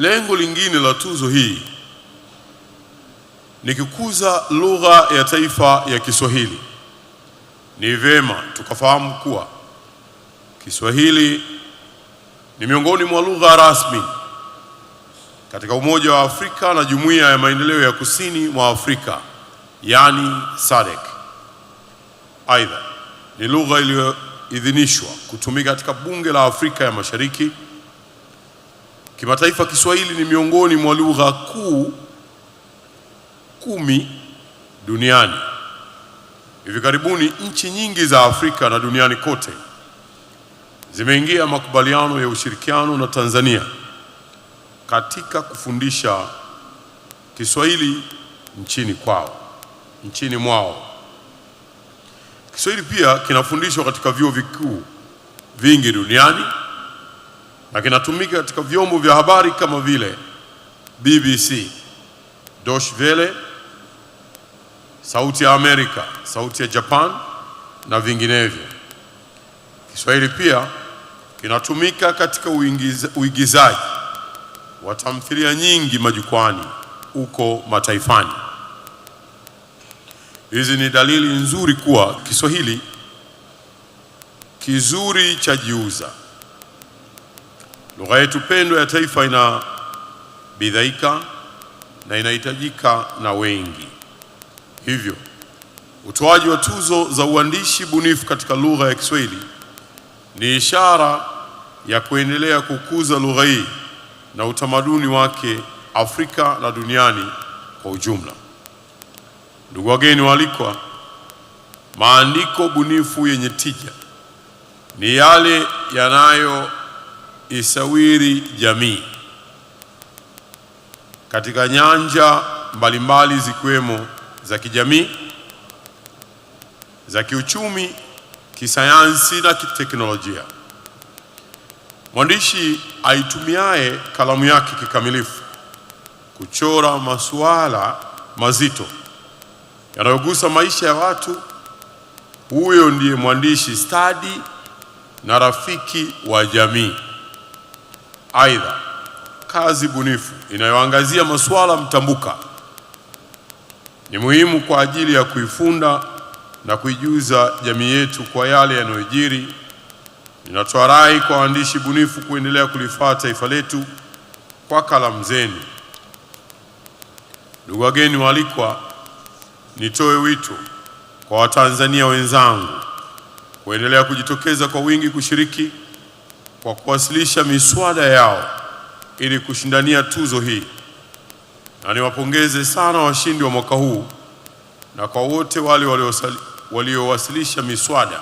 Lengo lingine la tuzo hii ni kukuza lugha ya taifa ya Kiswahili. Ni vyema tukafahamu kuwa Kiswahili ni miongoni mwa lugha rasmi katika Umoja wa Afrika na Jumuiya ya Maendeleo ya Kusini mwa Afrika, yani SADC. Aidha, ni lugha iliyoidhinishwa kutumika katika Bunge la Afrika ya Mashariki Kimataifa, Kiswahili ni miongoni mwa lugha kuu kumi duniani. Hivi karibuni nchi nyingi za Afrika na duniani kote zimeingia makubaliano ya ushirikiano na Tanzania katika kufundisha Kiswahili nchini kwao, nchini mwao. Kiswahili pia kinafundishwa katika vyuo vikuu vingi duniani na kinatumika katika vyombo vya habari kama vile BBC, Deutsche Welle, Sauti ya Amerika, Sauti ya Japan na vinginevyo. Kiswahili pia kinatumika katika uigizaji wa tamthilia nyingi majukwani huko mataifani. Hizi ni dalili nzuri kuwa Kiswahili kizuri cha jiuza Lugha yetu pendwa ya taifa inabidhaika na inahitajika na wengi, hivyo utoaji wa tuzo za uandishi bunifu katika lugha ya Kiswahili ni ishara ya kuendelea kukuza lugha hii na utamaduni wake Afrika na duniani kwa ujumla. Ndugu wageni waalikwa, maandiko bunifu yenye tija ni yale yanayo isawiri jamii katika nyanja mbalimbali zikiwemo za kijamii, za kiuchumi, kisayansi na kiteknolojia. Mwandishi aitumiaye kalamu yake kikamilifu kuchora masuala mazito yanayogusa maisha ya watu, huyo ndiye mwandishi stadi na rafiki wa jamii. Aidha, kazi bunifu inayoangazia masuala mtambuka ni muhimu kwa ajili ya kuifunda na kuijuza jamii yetu kwa yale yanayojiri. Ninatoa rai kwa waandishi bunifu kuendelea kulifaa taifa letu kwa kalamu zenu. Ndugu wageni waalikwa, nitoe wito kwa Watanzania wenzangu kuendelea kujitokeza kwa wingi kushiriki kwa kuwasilisha miswada yao ili kushindania tuzo hii, na niwapongeze sana washindi wa mwaka huu na kwa wote wale waliowasilisha miswada.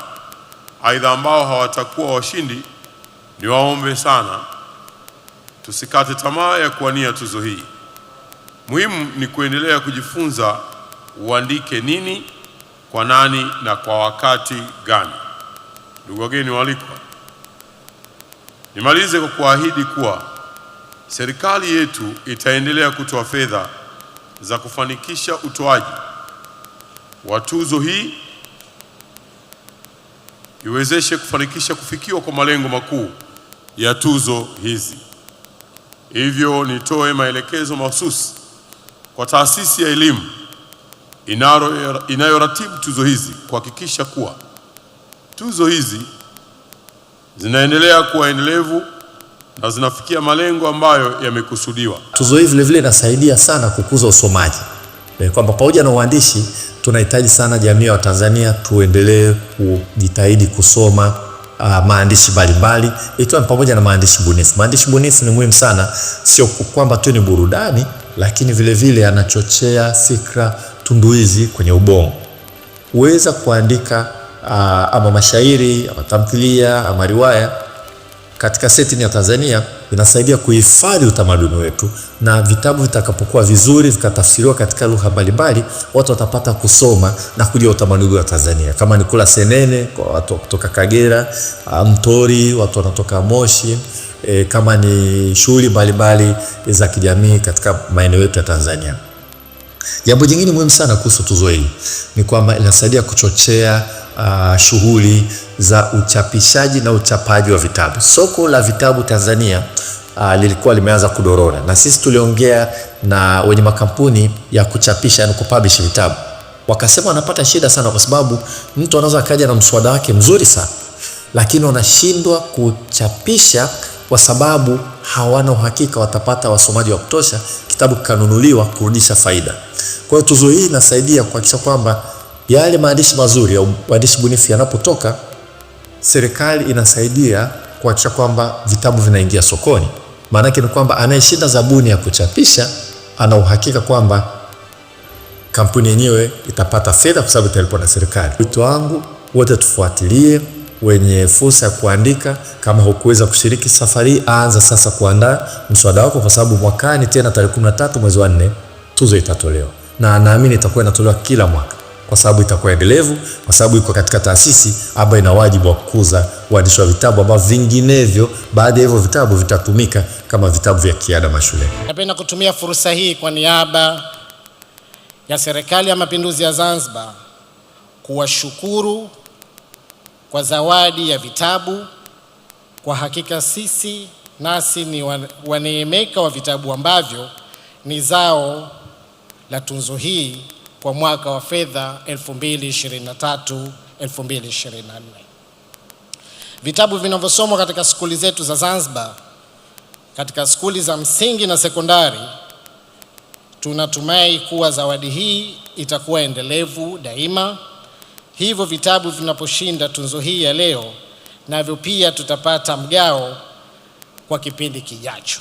Aidha, ambao hawatakuwa washindi, niwaombe sana tusikate tamaa ya kuwania tuzo hii. Muhimu ni kuendelea kujifunza uandike nini, kwa nani na kwa wakati gani. Ndugu wageni waalikwa Nimalize kwa kuahidi kuwa serikali yetu itaendelea kutoa fedha za kufanikisha utoaji wa tuzo hii iwezeshe kufanikisha kufikiwa kwa malengo makuu ya tuzo hizi. Hivyo nitoe maelekezo mahususi kwa taasisi ya elimu inayoratibu tuzo hizi kuhakikisha kuwa tuzo hizi zinaendelea kuwa endelevu na zinafikia malengo ambayo yamekusudiwa. Tuzo hii vile vile inasaidia sana kukuza usomaji, e, kwamba pamoja na uandishi tunahitaji sana jamii ya Watanzania tuendelee kujitahidi kusoma uh, maandishi mbalimbali ikiwa pamoja na maandishi bunifu. Maandishi bunifu ni muhimu sana, sio kwamba tu ni burudani, lakini vile vile anachochea fikra tunduizi kwenye ubongo. Huweza kuandika Ah, ama mashairi ama tamthilia ama riwaya katika setting ya Tanzania inasaidia kuhifadhi utamaduni wetu, na vitabu vitakapokuwa vizuri vikatafsiriwa katika lugha mbalimbali, watu watapata kusoma na kujua utamaduni wa Tanzania, kama ni kula senene kwa watu kutoka Kagera, ah, mtori watu wanatoka Moshi, e, kama ni shughuli mbalimbali za kijamii katika maeneo yetu ya Tanzania. Jambo jingine muhimu sana kuhusu tuzo hii ni kwamba inasaidia kuchochea uh, shughuli za uchapishaji na uchapaji wa vitabu. Soko la vitabu Tanzania Uh, lilikuwa limeanza kudorora na sisi tuliongea na wenye makampuni ya kuchapisha na kupublish vitabu, wakasema wanapata shida sana, kwa sababu mtu anaweza akaja na mswada wake mzuri sana, lakini wanashindwa kuchapisha kwa sababu hawana uhakika watapata wasomaji wa kutosha, kitabu kikanunuliwa kurudisha faida. Kwa hiyo tuzo hii inasaidia kuhakikisha kwamba yale maandishi mazuri au maandishi bunifu yanapotoka, serikali inasaidia kuhakikisha kwamba vitabu vinaingia sokoni. Maanake ni kwamba anayeshinda zabuni ya kuchapisha ana uhakika kwamba kampuni yenyewe itapata fedha kwa sababu italipwa na serikali. Wito wangu wote tufuatilie, wenye fursa ya kuandika. Kama hukuweza kushiriki safari, anza sasa kuandaa mswada wako, kwa sababu mwakani tena tarehe 13 mwezi wa 4 tuzo itatolewa, na naamini itakuwa inatolewa kila mwaka kwa sababu itakuwa endelevu, kwa sababu iko katika taasisi ambayo ina wajibu wa kukuza uandishi wa vitabu ambavyo vinginevyo baadhi ya hivyo vitabu vitatumika kama vitabu vya kiada mashuleni. Napenda kutumia fursa hii kwa niaba ya Serikali ya Mapinduzi ya Zanzibar kuwashukuru kwa zawadi ya vitabu. Kwa hakika sisi nasi ni waneemeka wa vitabu ambavyo ni zao la tunzo hii kwa mwaka wa fedha 2023 2024. Vitabu vinavyosomwa katika skuli zetu za Zanzibar, katika skuli za msingi na sekondari, tunatumai kuwa zawadi hii itakuwa endelevu daima. Hivyo vitabu vinaposhinda tunzo hii ya leo, navyo pia tutapata mgao kwa kipindi kijacho.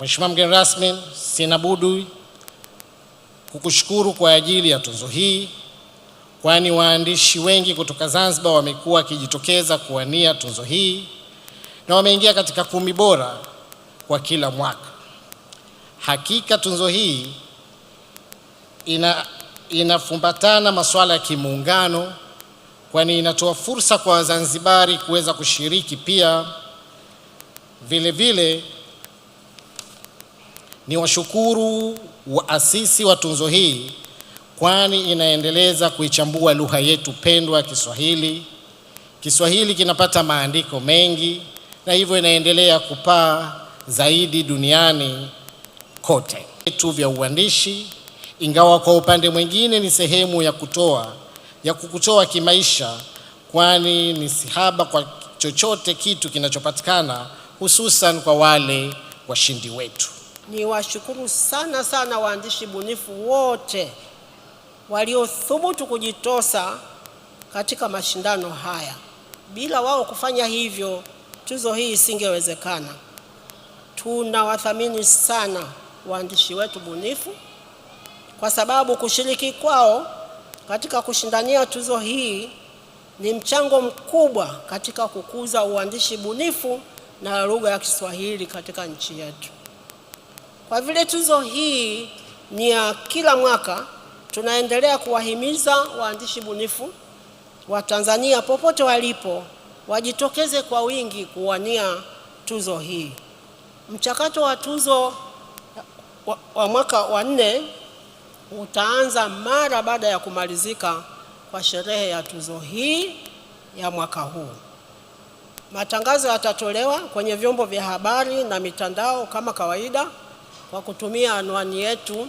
Mheshimiwa mgeni rasmi, sina budi kukushukuru kwa ajili ya tuzo hii, kwani waandishi wengi kutoka Zanzibar wamekuwa wakijitokeza kuwania tuzo hii na wameingia katika kumi bora kwa kila mwaka. Hakika tuzo hii ina inafumbatana masuala ya kimuungano, kwani inatoa fursa kwa Wazanzibari kuweza kushiriki pia vile vile ni washukuru waasisi wa tunzo hii, kwani inaendeleza kuichambua lugha yetu pendwa ya Kiswahili. Kiswahili kinapata maandiko mengi na hivyo inaendelea kupaa zaidi duniani kote. yetu vya uandishi, ingawa kwa upande mwingine ni sehemu ya kutoa ya kukutoa kimaisha, kwani ni sihaba kwa chochote kitu kinachopatikana, hususan kwa wale washindi wetu niwashukuru sana sana waandishi bunifu wote waliothubutu kujitosa katika mashindano haya. Bila wao kufanya hivyo, tuzo hii isingewezekana. Tunawathamini sana waandishi wetu bunifu kwa sababu kushiriki kwao katika kushindania tuzo hii ni mchango mkubwa katika kukuza uandishi bunifu na lugha ya Kiswahili katika nchi yetu. Kwa vile tuzo hii ni ya kila mwaka, tunaendelea kuwahimiza waandishi bunifu wa Tanzania popote walipo wajitokeze kwa wingi kuwania tuzo hii. Mchakato wa tuzo wa, wa mwaka wa nne utaanza mara baada ya kumalizika kwa sherehe ya tuzo hii ya mwaka huu. Matangazo yatatolewa kwenye vyombo vya habari na mitandao kama kawaida kwa kutumia anwani yetu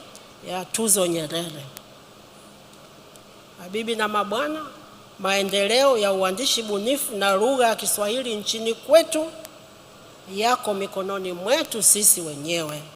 ya Tuzo Nyerere. Mabibi na mabwana, maendeleo ya uandishi bunifu na lugha ya Kiswahili nchini kwetu yako mikononi mwetu sisi wenyewe.